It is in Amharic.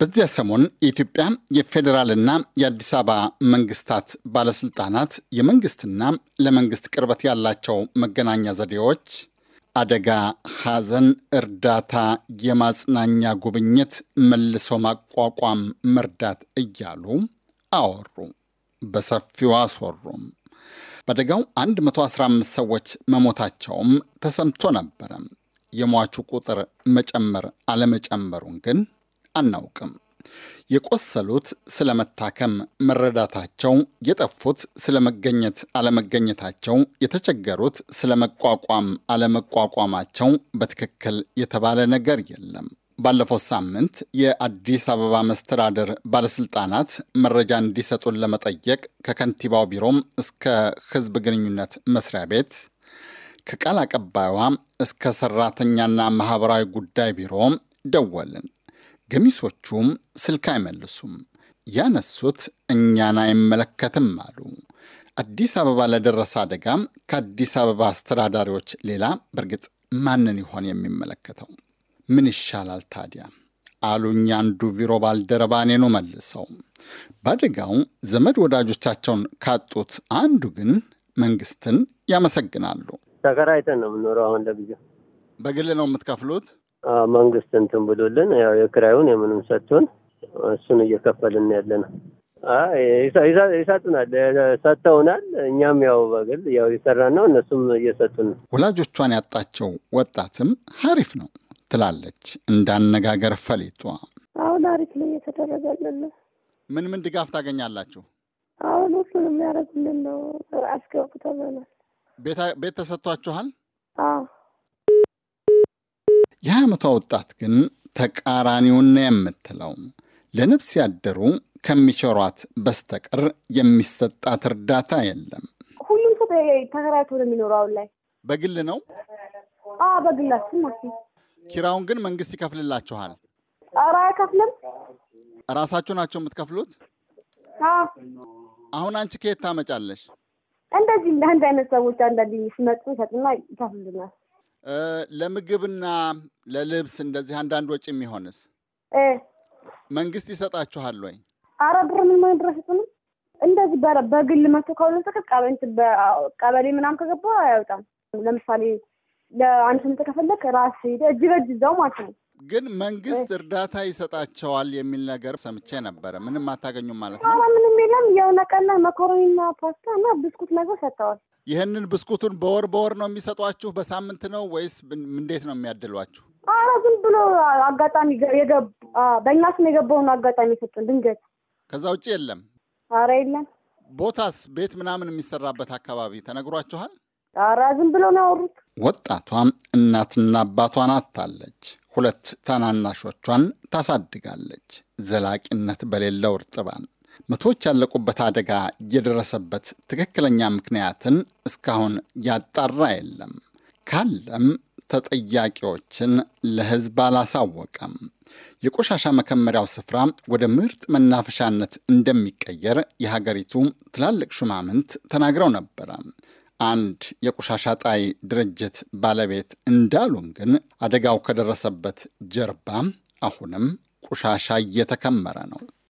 በዚያ ሰሞን የኢትዮጵያ የፌዴራልና የአዲስ አበባ መንግስታት ባለስልጣናት የመንግስትና ለመንግስት ቅርበት ያላቸው መገናኛ ዘዴዎች አደጋ፣ ሐዘን፣ እርዳታ፣ የማጽናኛ ጉብኝት፣ መልሶ ማቋቋም፣ መርዳት እያሉ አወሩ፣ በሰፊው አስወሩም። በአደጋው 115 ሰዎች መሞታቸውም ተሰምቶ ነበረ። የሟቹ ቁጥር መጨመር አለመጨመሩን ግን አናውቅም። የቆሰሉት ስለመታከም መረዳታቸው፣ የጠፉት ስለመገኘት አለመገኘታቸው፣ የተቸገሩት ስለመቋቋም አለመቋቋማቸው በትክክል የተባለ ነገር የለም። ባለፈው ሳምንት የአዲስ አበባ መስተዳደር ባለስልጣናት መረጃ እንዲሰጡን ለመጠየቅ ከከንቲባው ቢሮም እስከ ሕዝብ ግንኙነት መስሪያ ቤት ከቃል አቀባዩዋ እስከ ሰራተኛና ማህበራዊ ጉዳይ ቢሮ ደወልን። ገሚሶቹም ስልክ አይመልሱም። ያነሱት እኛን አይመለከትም አሉ። አዲስ አበባ ለደረሰ አደጋ ከአዲስ አበባ አስተዳዳሪዎች ሌላ በእርግጥ ማንን ይሆን የሚመለከተው? ምን ይሻላል ታዲያ አሉኝ አንዱ ቢሮ ባልደረባ ነው መልሰው። በአደጋው ዘመድ ወዳጆቻቸውን ካጡት አንዱ ግን መንግስትን ያመሰግናሉ። ተከራይተን ነው የምኖረው። አሁን ለጊዜው በግል ነው የምትከፍሉት? መንግስት እንትን ብሎልን ያው የክራዩን የምንም ሰጥቶን እሱን እየከፈልን ያለ ነው። ይሰጡናል፣ ሰጥተውናል። እኛም ያው በግል ያው የሰራ ነው፣ እነሱም እየሰጡን ነው። ወላጆቿን ያጣቸው ወጣትም ሀሪፍ ነው ትላለች እንዳነጋገር ፈሌጧ። አሁን አሪፍ ነው እየተደረገልን ነው። ምን ምን ድጋፍ ታገኛላችሁ? አሁን ሁሉንም የሚያደርጉልን ነው። አስገብተናል። ቤት ተሰጥቷችኋል? የዓመቷ ወጣት ግን ተቃራኒውን የምትለው። ለነፍስ ያደሩ ከሚቸሯት በስተቀር የሚሰጣት እርዳታ የለም። ሁሉም ሰው ተከራይቶ ነው የሚኖረው። አሁን ላይ በግል ነው በግላችን ኪራውን ግን መንግስት ይከፍልላችኋል? ኧረ አይከፍልም። ራሳችሁ ናቸው የምትከፍሉት? አሁን አንቺ ከየት ታመጫለሽ? እንደዚህ እንደ አንድ አይነት ሰዎች አንዳንድ ሲመጡ ይሰጡና ይከፍልናል። ለምግብና ለልብስ እንደዚህ አንዳንድ ወጪ የሚሆንስ መንግስት ይሰጣችኋል ወይ? አረ ብር ምን ማድረስ እንደዚህ በግል መቶ ከሆነ ጥቅል ቀበሌ ምናምን ከገባ አያወጣም። ለምሳሌ ለአንድ ስምንት ከፈለክ ራስ እጅ በእጅ እዛው ማለት ነው። ግን መንግስት እርዳታ ይሰጣቸዋል የሚል ነገር ሰምቼ ነበረ። ምንም አታገኙም ማለት ነው? ምንም የለም። የሆነ ቀን መኮሮኒና ፓስታ እና ብስኩት ነገር ሰጥተዋል። ይህንን ብስኩቱን በወር በወር ነው የሚሰጧችሁ? በሳምንት ነው ወይስ እንዴት ነው የሚያድሏችሁ? አረ ዝም ብሎ አጋጣሚ በእኛ ስም የገባውን አጋጣሚ ሰጡን ድንገት። ከዛ ውጭ የለም። አረ የለም። ቦታስ ቤት ምናምን የሚሰራበት አካባቢ ተነግሯችኋል? አረ ዝም ብሎ ነው ያወሩት። ወጣቷም እናትና አባቷን አታለች። ሁለት ታናናሾቿን ታሳድጋለች። ዘላቂነት በሌለው እርጥባን መቶዎች ያለቁበት አደጋ የደረሰበት ትክክለኛ ምክንያትን እስካሁን ያጣራ የለም። ካለም ተጠያቂዎችን ለሕዝብ አላሳወቀም። የቆሻሻ መከመሪያው ስፍራ ወደ ምርጥ መናፈሻነት እንደሚቀየር የሀገሪቱ ትላልቅ ሹማምንት ተናግረው ነበረ። አንድ የቆሻሻ ጣይ ድርጅት ባለቤት እንዳሉን ግን አደጋው ከደረሰበት ጀርባ አሁንም ቆሻሻ እየተከመረ ነው።